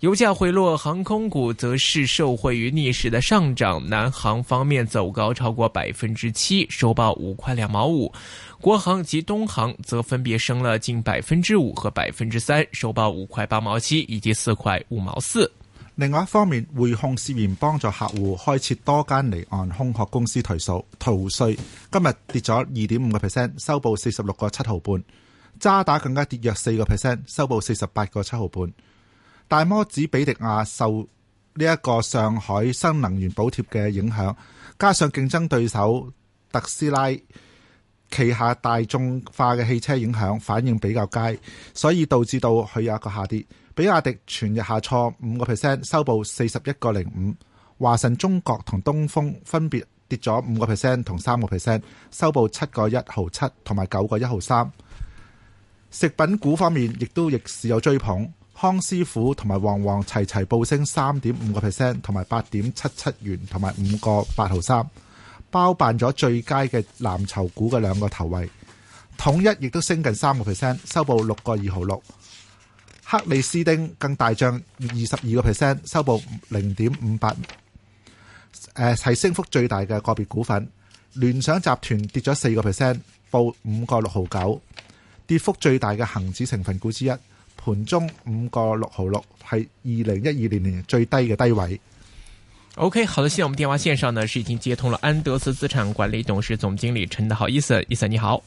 油價回落，航空股則是受惠於逆市的上漲。南航方面走高超過百分之七，收報五塊兩毛五；國航及東航則分別升了近百分之五和百分之三，收報五塊八毛七以及四塊五毛四。另外一方面，匯控涉嫌幫助客戶開設多間離岸空殼公司逃稅，今日跌咗二點五個 percent，收報四十六個七毫半；渣打更加跌約四個 percent，收報四十八個七毫半。大摩指比亞迪受呢一個上海新能源補貼嘅影響，加上競爭對手特斯拉旗下大眾化嘅汽車影響，反應比較佳，所以導致到佢有一個下跌。比亞迪全日下挫五個 percent，收報四十一個零五。華晨中國同東風分別跌咗五個 percent 同三個 percent，收報七個一毫七同埋九個一毫三。食品股方面亦都逆市有追捧。康師傅同埋旺旺齊齊報升三點五個 percent，同埋八點七七元，同埋五個八毫三。包辦咗最佳嘅藍籌股嘅兩個頭位，統一亦都升近三個 percent，收報六個二毫六。克里斯丁更大漲二十二個 percent，收報零點五八。誒、啊，係升幅最大嘅個別股份。聯想集團跌咗四個 percent，報五個六毫九。跌幅最大嘅恒指成分股之一。盤中五個六毫六係二零一二年年最低嘅低位。OK，好的現在我們電話線上呢是已經接通了安德斯資產管理董事總經理陳德豪。Ethan，Ethan 你好，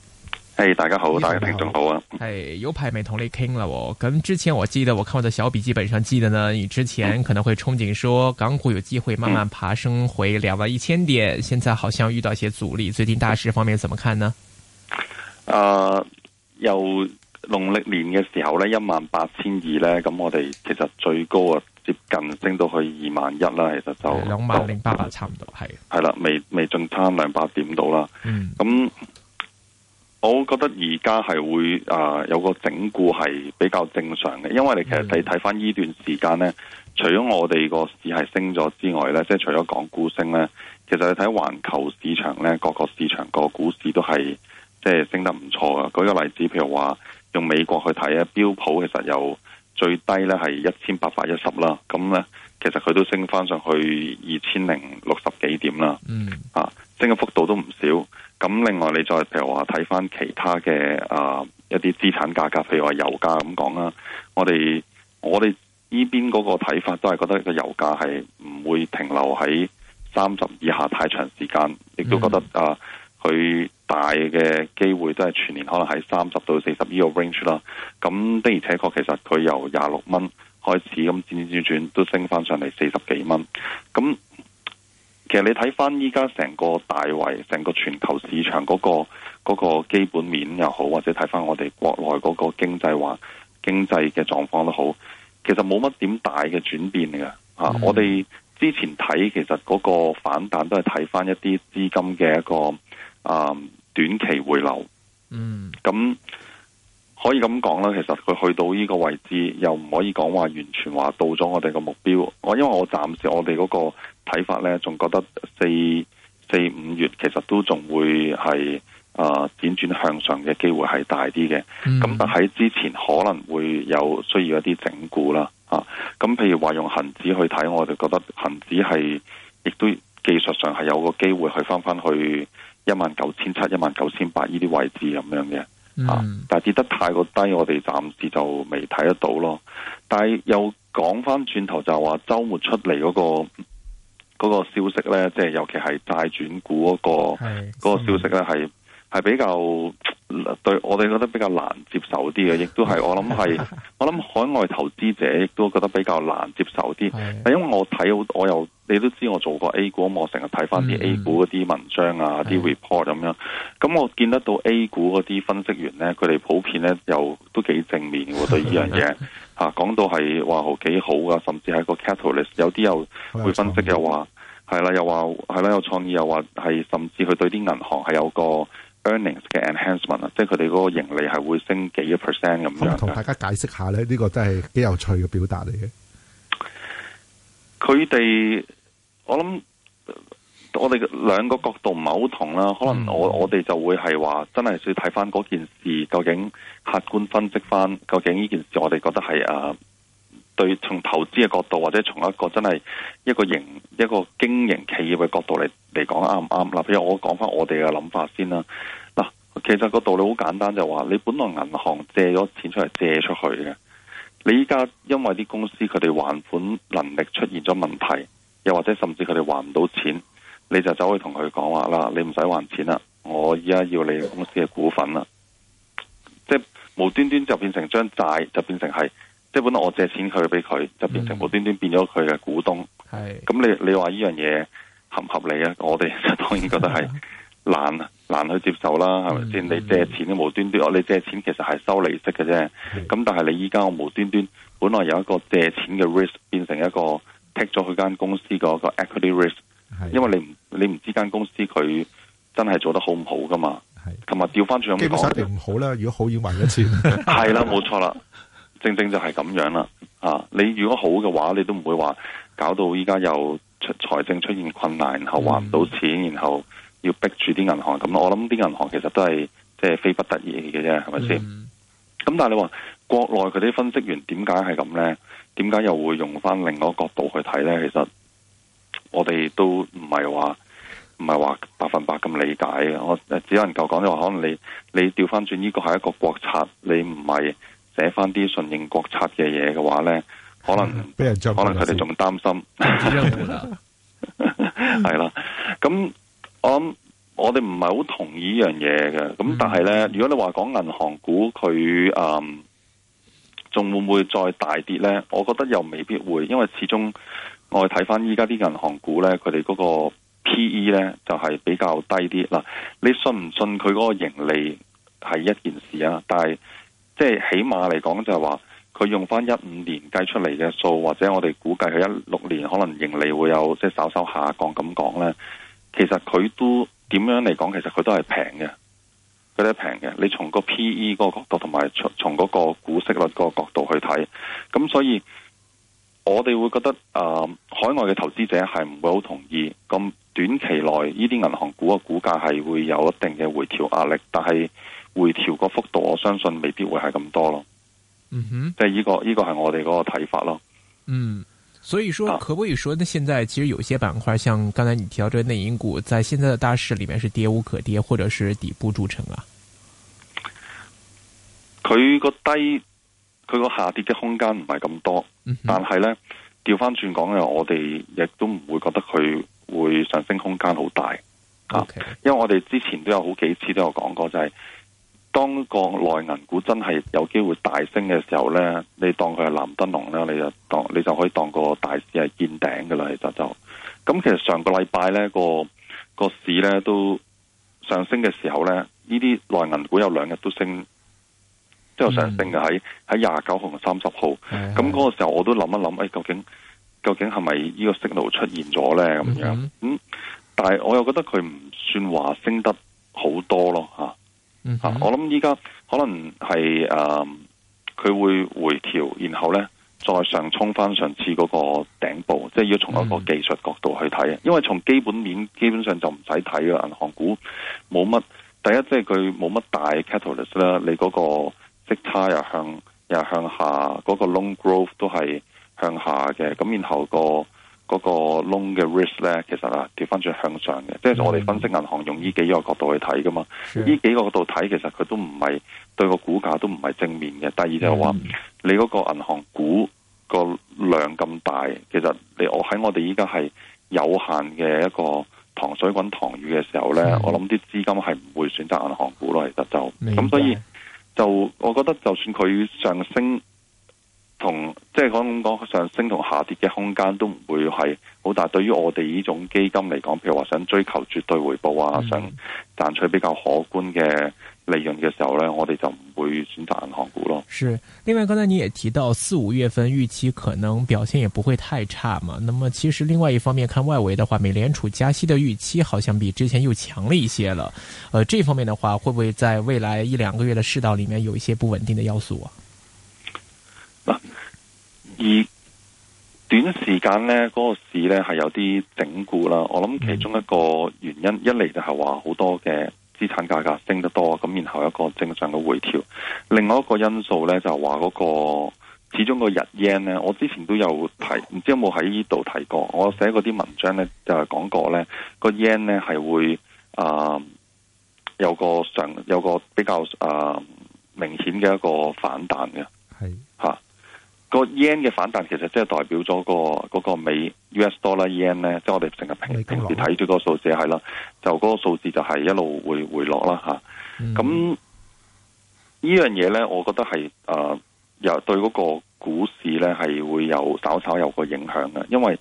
係、hey, 大家好，Ethan, 大家聽眾好啊。係、hey, 有排冇同你傾喇喎咁之前我記得，我看我的小筆記本上記得呢，你之前可能會憧憬說港股有機會慢慢爬升回兩萬一千點，嗯、現在好像遇到一些阻力，最近大市方面怎麼看呢？呃、uh,，有農曆年嘅時候咧，一萬八千二咧，咁我哋其實最高啊，接近升到去二萬一啦，其實就兩萬零八百差唔多，係係啦，未未進差兩百點到啦。咁、嗯、我覺得而家係會啊、呃、有個整固係比較正常嘅，因為你其實你睇翻呢段時間咧，嗯、除咗我哋個市係升咗之外咧，即係除咗港股升咧，其實你睇環球市場咧，各個市場各個股市都係即係升得唔錯啊。舉個例子，譬如話。用美國去睇啊，標普其實有最低咧係一千八百一十啦，咁咧其實佢都升翻上去二千零六十幾點啦，啊，升嘅幅度都唔少。咁另外你再譬如話睇翻其他嘅啊一啲資產價格，譬如話油價咁講啦，我哋我哋呢邊嗰個睇法都係覺得個油價係唔會停留喺三十以下太長時間，亦都覺得啊佢，大嘅機會都係全年可能喺三十到四十呢個 range 啦。咁的而且確，其實佢由廿六蚊開始，咁轉轉轉都升翻上嚟四十幾蚊。咁其實你睇翻依家成個大圍，成個全球市場嗰個嗰個基本面又好，或者睇翻我哋國內嗰個經濟環經濟嘅狀況都好，其實冇乜點大嘅轉變嚟嘅、mm hmm. 啊、我哋之前睇其實嗰個反彈都係睇翻一啲資金嘅一個。啊，uh, 短期回流，嗯、mm.，咁可以咁講啦。其實佢去到呢個位置，又唔可以講話完全話到咗我哋個目標。我因為我暫時我哋嗰個睇法咧，仲覺得四四五月其實都仲會係啊輾轉向上嘅機會係大啲嘅。咁、mm. 但喺之前可能會有需要一啲整固啦。吓、啊。咁譬如話用恒指去睇，我就覺得恒指係亦都技術上係有個機會去翻翻去。一萬九千七、一萬九千八呢啲位置咁樣嘅，嗯、啊，但係跌得太過低，我哋暫時就未睇得到咯。但係又講翻轉頭就話周末出嚟嗰、嗰個、嗰個消息呢，即係尤其係債轉股嗰、嗰個是嗰個消息呢，係係是是比較對我哋覺得比較難接受啲嘅，亦都係我諗係 我諗海外投資者亦都覺得比較難接受啲，是的但因為我睇好我又。你都知我做過 A 股，我成日睇翻啲 A 股嗰啲文章、嗯、啊，啲 report 咁樣。咁我見得到 A 股嗰啲分析員咧，佢哋的普遍咧又都幾正面喎對呢樣嘢嚇。講的、啊、到係話好幾好噶，甚至係個 catalyst，有啲又會分析又話係啦，又話係啦，有創意又話係，甚至佢對啲銀行係有個 earnings 嘅 enhancement 啊，即係佢哋嗰個盈利係會升幾個 percent 咁樣同大家解釋下咧，呢個真係幾有趣嘅表達嚟嘅。佢哋，我諗我哋兩個角度唔係好同啦，可能我我哋就會係話，真係要睇翻嗰件事究竟客觀分析翻，究竟呢件事我哋覺得係誒，對從投資嘅角度或者從一個真係一個營一個經營企業嘅角度嚟嚟講啱唔啱？啦譬如我講翻我哋嘅諗法先啦，嗱，其實個道理好簡單，就是，就係話你本來銀行借咗錢出嚟借出去嘅。你依家因為啲公司佢哋還款能力出現咗問題，又或者甚至佢哋還唔到錢，你就走去同佢講話啦，你唔使還錢啦，我依家要你公司嘅股份啦。即無端端就變成將債就變成係，即係本來我借錢佢俾佢，就變成無端端變咗佢嘅股東，係、mm.，咁你你話呢樣嘢合唔合理啊？我哋當然覺得係。 難難去接受啦，係咪先？嗯、你借錢都無端端，我、嗯、你借錢其實係收利息嘅啫。咁是但係你依家我無端端，本來有一個借錢嘅 risk，變成一個 take 咗佢間公司個 equity risk，是因為你唔你唔知間公司佢真係做得好唔好噶嘛。係，同埋調翻轉咁講，基本上一定唔好啦。如果好要還一次，係啦， 冇錯啦。正正就係咁樣啦。啊，你如果好嘅話，你都唔會話搞到依家又財政出現困難，然後還唔到錢，嗯、然後。要逼住啲銀行咁，我諗啲銀行其實都係即係非不得已嘅啫，係咪先？咁、mm hmm. 但係你話國內佢啲分析員點解係咁呢？點解又會用翻另外一個角度去睇呢？其實我哋都唔係話唔係話百分百咁理解嘅，我只能夠講你話可能你你調翻轉呢個係一個國策，你唔係寫翻啲順應國策嘅嘢嘅話呢，可能可能佢哋仲擔心，係啦， 咁。我諗我哋唔係好同意這的呢樣嘢嘅，咁但係咧，如果你話講銀行股佢誒，仲、嗯、會唔會再大跌咧？我覺得又未必會，因為始終我哋睇翻依家啲銀行股咧，佢哋嗰個 P E 咧就係、是、比較低啲。嗱，你信唔信佢嗰個盈利係一件事啊？但係即係起碼嚟講就係話，佢用翻一五年計出嚟嘅數，或者我哋估計佢一六年可能盈利會有即係稍稍下降咁講咧。其實佢都點樣嚟講？其實佢都係平嘅，佢都係平嘅。你從個 PE 嗰個角度，同埋從從嗰個股息率嗰個角度去睇，咁所以我哋會覺得誒、呃，海外嘅投資者係唔會好同意咁短期內呢啲銀行股嘅股價係會有一定嘅回調壓力，但係回調個幅度，我相信未必會係咁多咯。嗯哼，即係呢個呢、呢個係我哋個睇法咯。嗯。所以說可不可以說，呢？現在其實有些板塊，像剛才你提到這內銀股，在現在的大市裏面是跌無可跌，或者是底部築成啊？佢個低，佢個下跌嘅空間唔係咁多，嗯、哼但係呢，調翻轉講嘅，我哋亦都唔會覺得佢會上升空間好大、啊、Okay. 因為我哋之前都有好幾次都有講過，就係、是。當個內銀股真係有機會大升嘅時候呢，你當佢係藍燈籠啦，你就當，你就可以當個大市係見頂噶啦，其實就。咁其實上個禮拜呢、個、個市呢都上升嘅時候呢，呢啲內銀股有兩日都升，即係、嗯、上升嘅喺喺廿九號同三十號。咁嗰、嗯、個時候我都諗一諗，誒、哎，究竟究竟係咪呢個信號出現咗呢？咁樣咁，嗯嗯、但係我又覺得佢唔算話升得好多咯，吓。Uh huh. 我諗依家可能係誒，佢，um, 會回調，然後咧再上衝翻上次嗰個頂部，即係要從嗰個技術角度去睇啊。因為從基本面基本上就唔使睇啦，銀行股冇乜。第一，即係佢冇乜大 catalyst 啦。你嗰個息差又向又向下，嗰、嗰個 loan growth 都係向下嘅。咁然後、嗰個。嗰個 loan 嘅 risk 咧，其實啊調翻轉向上嘅，即係我哋分析銀行用呢幾個角度去睇噶嘛，呢 Sure. 幾個角度睇其實佢都唔係對個股價都唔係正面嘅。第二就係話、mm. 你嗰個銀行股個量咁大，其實你在我喺我哋依家係有限嘅一個塘水滾塘魚嘅時候咧，mm. 我諗啲資金係唔會選擇銀行股咯。其實就咁，mm. 所以就我覺得就算佢上升。同即係可講，就是、上升同下跌嘅空間都唔會係好大。對於我哋呢種基金嚟講，譬如話想追求絕對回報啊，嗯、想賺取比較可觀嘅利潤嘅時候咧，我哋就唔會選擇銀行股咯。是，另外剛才你也提到四五月份預期可能表現也不會太差嘛。那麼其實另外一方面，看外圍的話，美聯儲加息的預期好像比之前又強了一些了。呃，這方面的話，會不會在未來一兩個月的市道裏面有一些不穩定的要素啊？而短時間呢嗰、嗰個市呢係有啲整固啦。我諗其中一個原因，一嚟就係話好多嘅資產價格升得多，咁然後一個正常嘅回調。另外一個因素呢就話、係、嗰個始終個日圓呢我之前都有提，唔知有冇喺呢度提過。我寫嗰啲文章呢就係、係、講過咧，個日圓呢 n 係會啊、呃、有個上有個比較啊、呃、明顯嘅一個反彈嘅。係。個 yen 嘅反彈，其實即係代表咗個嗰個美 US dollar yen 咧，即、就、係、是、我哋成日平時睇住個數字係啦、嗯，就嗰個數字就係一路會回落啦嚇。咁、嗯這個、呢樣嘢咧，我覺得係啊，又、呃、對嗰個股市咧係會有稍稍有個影響嘅，因為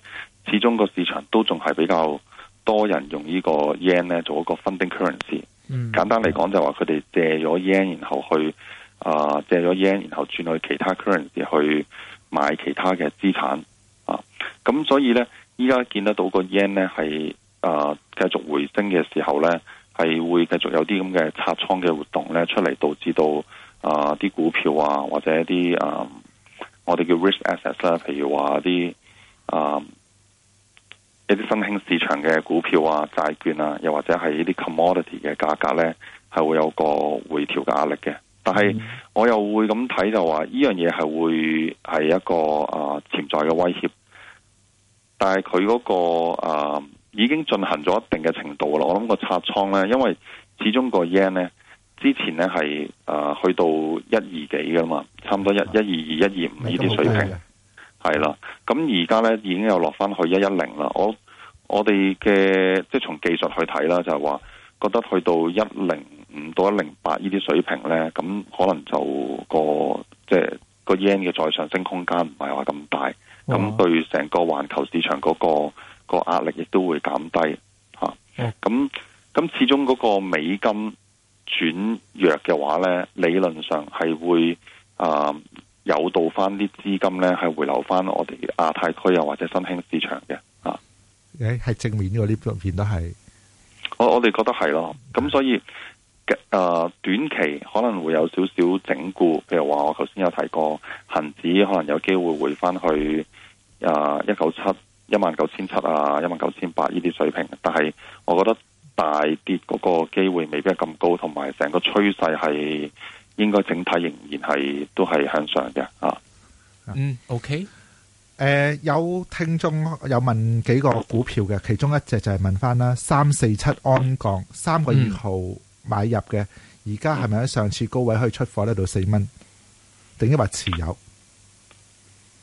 始終個市場都仲係比較多人用呢個 yen 呢個 yen 咧做一個 funding currency、嗯。簡單嚟講就話佢哋借咗 yen 然後去。啊、呃，借咗 yen，然後轉去其他 currency 去買其他嘅資產啊，咁所以呢，依家見得到個 yen 呢係啊、呃、繼續回升嘅時候呢，係會繼續有啲咁嘅拆倉嘅活動呢出嚟，導致到啊啲、呃、股票啊或者一啲啊、呃、我哋叫 risk assets 啦，譬如話啲啊一啲、呃、新興市場嘅股票啊、債券啊，又或者係一啲 commodity 嘅價格呢，係會有個回調嘅壓力嘅。但係我又會咁睇就話呢樣嘢係會係一個啊呃、潛在嘅威脅，但係佢嗰個啊、呃、已經進行咗一定嘅程度啦。我諗個拆倉咧，因為始終個 yen 咧之前咧係啊去到一二幾噶嘛，差唔多一一二二一二五呢啲水平，係啦、啊。咁而家咧已經又落翻去一一零啦。我我哋嘅即係從技術去睇啦，就係、是、話、就是、覺得去到一零。五到一零八呢啲水平咧，咁可能就個即係個 yen 嘅再上升空間唔係話咁大，咁對成個環球市場嗰、嗰個個壓力亦都會減低吓。咁、啊、咁、哦、始終嗰個美金轉弱嘅話咧，理論上係會啊，呃、誘導翻啲資金咧係回流翻我哋亞太區啊或者新興市場嘅啊。誒、欸，係正面呢、這個呢個片都係我我哋覺得係咯，咁所以。誒，短期可能會有少少整固，譬如話我頭先有睇過恒指，可能有機會回翻去誒一九七一萬九千七啊，一萬九千八呢啲水平。但係我覺得大跌嗰個機會未必咁高，同埋成個趨勢係應該整體仍然係都係向上嘅啊。嗯，OK，誒、呃，有聽眾有問幾個股票嘅，其中一隻就係問翻啦，三四七鞍鋼三個月後。嗯買入嘅，而家係咪喺上次高位去出貨呢度四蚊？定抑或持有？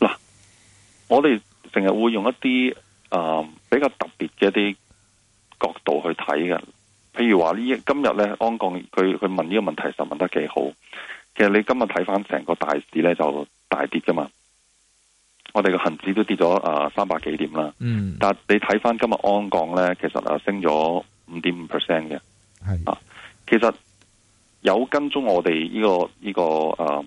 嗱、啊，我哋成日會用一啲啊、呃、比較特別嘅一啲角度去睇嘅。譬如話呢，今日咧安鋼，佢佢問呢個問題就問得幾好。其實你今日睇翻成個大市咧，就大跌噶嘛。我哋個恒指都跌咗啊三百幾點啦。嗯。但你睇翻今日安鋼咧，其實啊升咗五點五 percent 嘅。係啊。其實有跟蹤我哋呢、這個呢、這個誒、呃，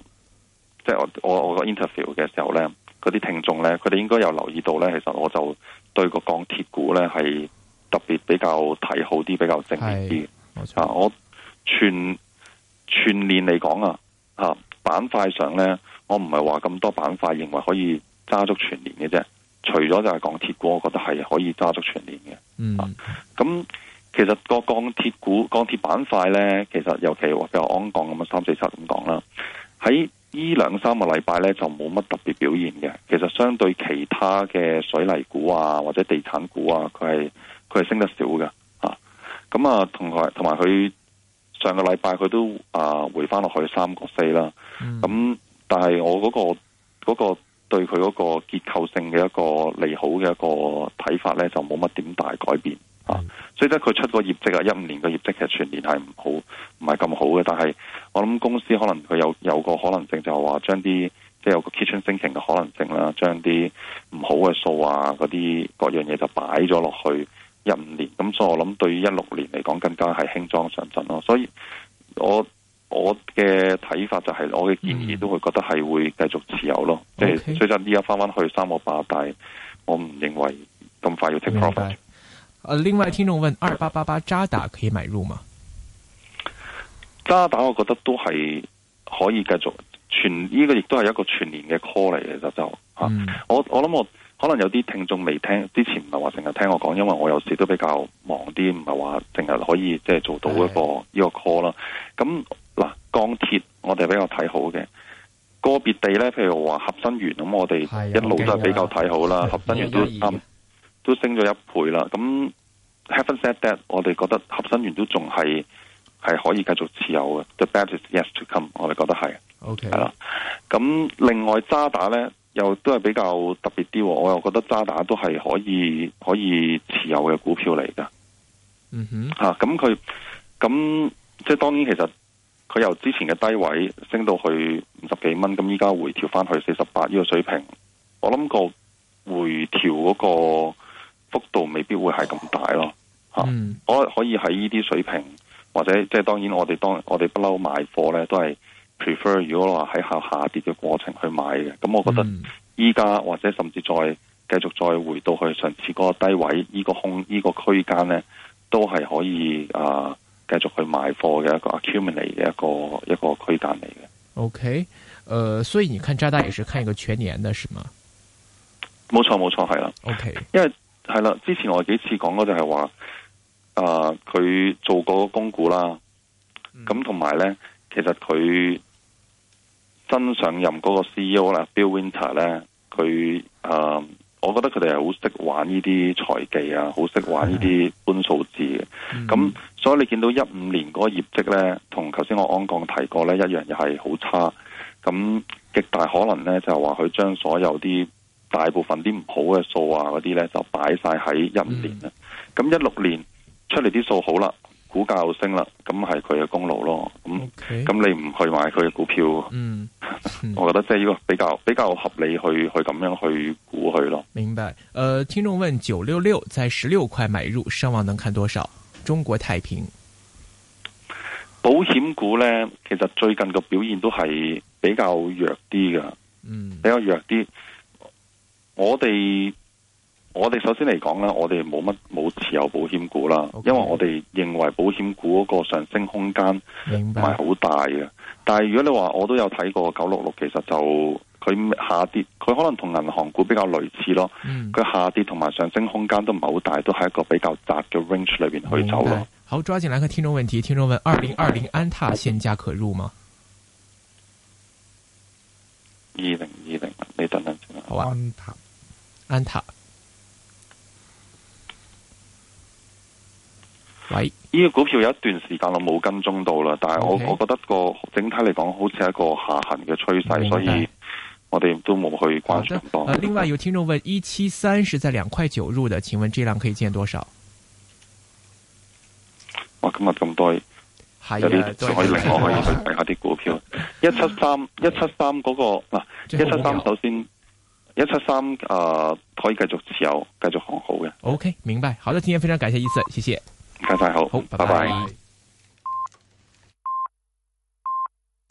即係我我個 interview 嘅時候呢，嗰啲聽眾呢，佢哋應該有留意到呢。其實我就對個鋼鐵股呢，係特別比較睇好啲，比較正面啲。冇錯、啊、我全全年嚟講啊，吓、啊、板塊上呢，我唔係話咁多板塊認為可以揸足全年嘅啫。除咗就係鋼鐵股，我覺得係可以揸足全年嘅。嗯，咁、啊。其實個鋼鐵股、鋼鐵板塊咧，其實尤其話比較鞍鋼咁啊，三四七咁講啦。喺呢兩三個禮拜咧，就冇乜特別表現嘅。其實相對其他嘅水泥股啊，或者地產股啊，佢係佢係升得少嘅吓。咁啊，同埋同埋佢上個禮拜佢都啊回翻落去三角四啦。咁、嗯、但係我嗰個嗰個對佢嗰個結構性嘅一個利好嘅一個睇法咧，就冇乜點大改變。啊！嗯、所以得佢出個業績啊，一五年個業績其實全年係唔好，唔係咁好嘅。但係我諗公司可能佢有有個可能性就係話將啲即係有個 kitchen 升情嘅可能性啦，將啲唔好嘅數啊嗰啲各樣嘢，就擺咗落去一五年。咁所以我諗對於一六年嚟講，更加係輕裝上陣咯。所以我我嘅睇法，就係我嘅建議都會覺得係會繼續持有咯。即係以然依家翻翻去三個八，但係我唔認為咁快要 take profit。另外聽眾問，二八八八渣打可以買入嗎？渣打我覺得都係可以繼續，全呢個亦都係一個全年嘅 call 嚟嘅，就就吓、嗯，我想我諗我可能有啲聽眾未聽，之前唔係話成日聽我講，因為我有時都比較忙啲，唔係話成日可以即係做到一個呢個 call 啦的。咁嗱，鋼鐵我哋比較睇好嘅個別地呢，譬如話合生元咁，我哋一路都係比較睇好啦，合生元都都升咗一倍啦，咁。Have n't said that 我哋覺得合生元都仲係係可以繼續持有嘅，the best is yet to come。我哋覺得係，OK 係啦。咁另外渣打咧又都係比較特別啲，我又覺得渣打都係可以可以持有嘅股票嚟噶。嗯哼、mm，吓咁佢咁即係當年其實佢由之前嘅低位升到去五十幾蚊，咁依家回調翻去四十八呢個水平，我諗個回調嗰、那個。幅度未必會係咁大咯，吓、嗯啊，我可以喺呢啲水平，或者即係當然我當，我哋當我哋不嬲買貨咧，都係 prefer 如果話喺下下跌嘅過程去買嘅。咁我覺得依家、嗯、或者甚至再繼續再回到去上次嗰個低位，呢、呢個空呢、呢個區間咧，都係可以啊、呃，繼續去買貨嘅一個 accumulate 嘅一個一個區間嚟嘅。OK，誒、呃，所以你看，揸大也是看一個全年嘅，是嗎？冇錯冇錯，係啦。OK，因為。係啦，之前我幾次講過就係話，啊、呃、佢做過個公股啦，咁同埋咧，其實佢真上任嗰個 CEO 啦，Bill Winter 咧，佢啊、呃，我覺得佢哋係好識玩呢啲財技啊，好識玩呢啲搬數字嘅。咁所以你見到一五年嗰個業績咧，同頭先我啱啱講提過咧，一樣又係好差。咁極大可能咧，就係話佢將所有啲。大部分啲唔好嘅數啊，嗰啲呢就擺晒喺一五年啦。咁一六年出嚟啲數好啦，股價又升啦，咁係佢嘅功勞咯。咁咁 Okay 你唔去買佢嘅股票，嗯、 我覺得即係呢個比較比較合理去，去去咁樣去估佢咯。明白？誒、呃，聽眾問九六六在十六塊買入，希望能看多少？中國太平保險股呢，其實最近嘅表現都係比較弱啲㗎，嗯，比較弱啲。我哋我哋首先嚟講咧，我哋冇乜冇持有保險股啦，Okay. 因為我哋認為保險股嗰個上升空間唔係好大嘅。白但係如果你話我都有睇過九六六，其實就佢下跌，佢可能同銀行股比較類似咯。佢、嗯、下跌同埋上升空間都唔係好大，都喺一個比較窄嘅 range 裏邊去走咯。好，抓緊嚟個聽眾問題。聽眾問：二零二零安踏現價可入嗎？二零二零，你等等，好啊，安踏。安踏，喂，呢、right. 個股票有一段時間我冇跟蹤到啦，但係我 Okay. 我覺得個整體嚟講，好似係一個下行嘅趨勢，mm hmm. 所以我哋都冇去關注咁多、哦啊。另外有聽眾問：一七三係在兩塊九入嘅，請問這量可以見多少？哇，今日咁多，係啊， 我可以可以去睇下啲股票，一七三，一七三嗰個嗱，一七三首先。一七三，3, 呃，可以繼續持有，繼續行好嘅。OK，明白。好的，今天非常感謝醫生，謝謝。唔該晒好，好，好拜拜。拜拜